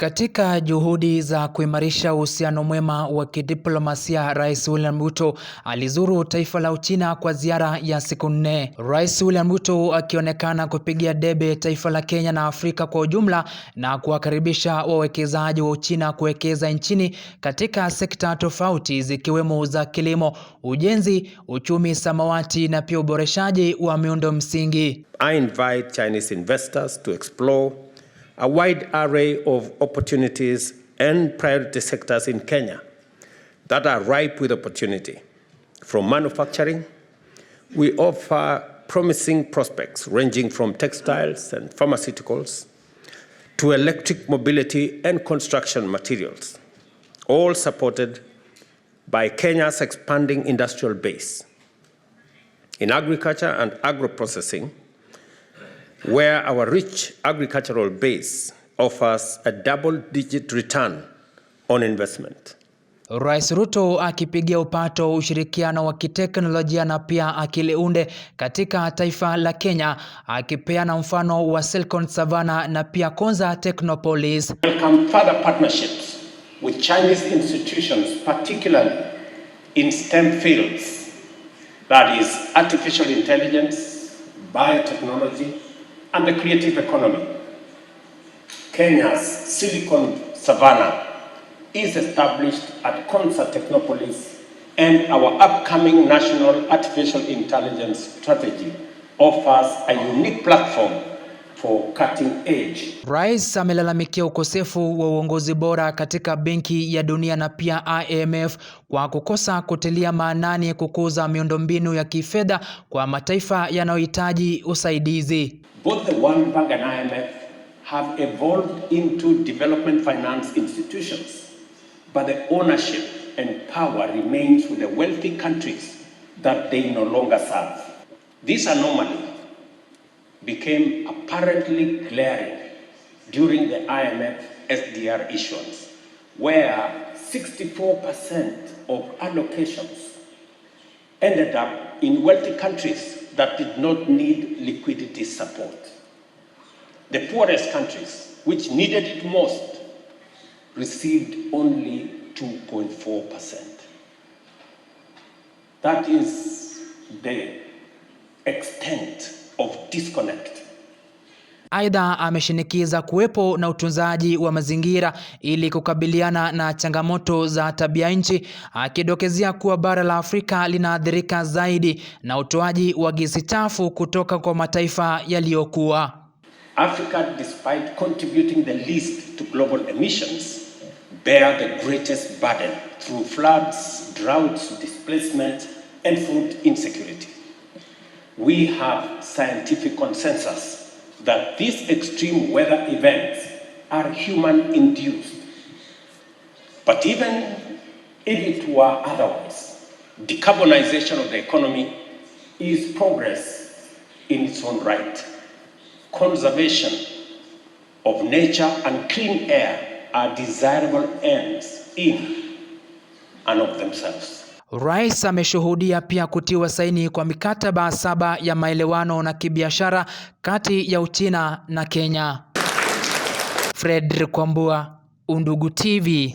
Katika juhudi za kuimarisha uhusiano mwema wa kidiplomasia, Rais William Ruto alizuru taifa la Uchina kwa ziara ya siku nne. Rais William Ruto akionekana kupigia debe taifa la Kenya na Afrika kwa ujumla na kuwakaribisha wawekezaji wa Uchina kuwekeza nchini katika sekta tofauti zikiwemo za kilimo, ujenzi, uchumi samawati na pia uboreshaji wa miundo msingi. I invite Chinese investors to explore a wide array of opportunities and priority sectors in Kenya that are ripe with opportunity. From manufacturing, we offer promising prospects ranging from textiles and pharmaceuticals to electric mobility and construction materials, all supported by Kenya's expanding industrial base. In agriculture and agro-processing, where our rich agricultural base offers a double-digit return on investment. Rais Ruto akipigia upato ushirikiano wa kiteknolojia na pia akili unde katika taifa la Kenya, akipeana mfano wa Silicon Savannah na pia Konza Technopolis. Welcome further partnerships with Chinese institutions particularly in STEM fields that is artificial intelligence, biotechnology and the creative economy. Kenya's Silicon Savannah is established at Concert Technopolis and our upcoming National Artificial Intelligence Strategy offers a unique platform For cutting edge. Rais amelalamikia ukosefu wa uongozi bora katika Benki ya Dunia na pia IMF kwa kukosa kutilia maanani kukuza miundombinu ya kifedha kwa mataifa yanayohitaji usaidizi. Both the World Bank and IMF have evolved into development finance institutions, but the ownership and power remains with the wealthy countries that they no longer serve. This anomaly became apparently glaring during the IMF SDR issuance, where 64% of allocations ended up in wealthy countries that did not need liquidity support. The poorest countries, which needed it most, received only 2.4%. That is the extent of disconnect. Aidha, ameshinikiza kuwepo na utunzaji wa mazingira ili kukabiliana na changamoto za tabia nchi, akidokezea kuwa bara la Afrika linaathirika zaidi na utoaji wa gesi chafu kutoka kwa mataifa yaliyokuwa. Africa despite contributing the least to global emissions bear the greatest burden through floods, droughts, displacement and food insecurity we have scientific consensus that these extreme weather events are human-induced. But even if it were otherwise, decarbonization of the economy is progress in its own right. Conservation of nature and clean air are desirable ends in and of themselves. Rais ameshuhudia pia kutiwa saini kwa mikataba saba ya maelewano na kibiashara kati ya Uchina na Kenya. Fredrick Kwambua, Undugu TV.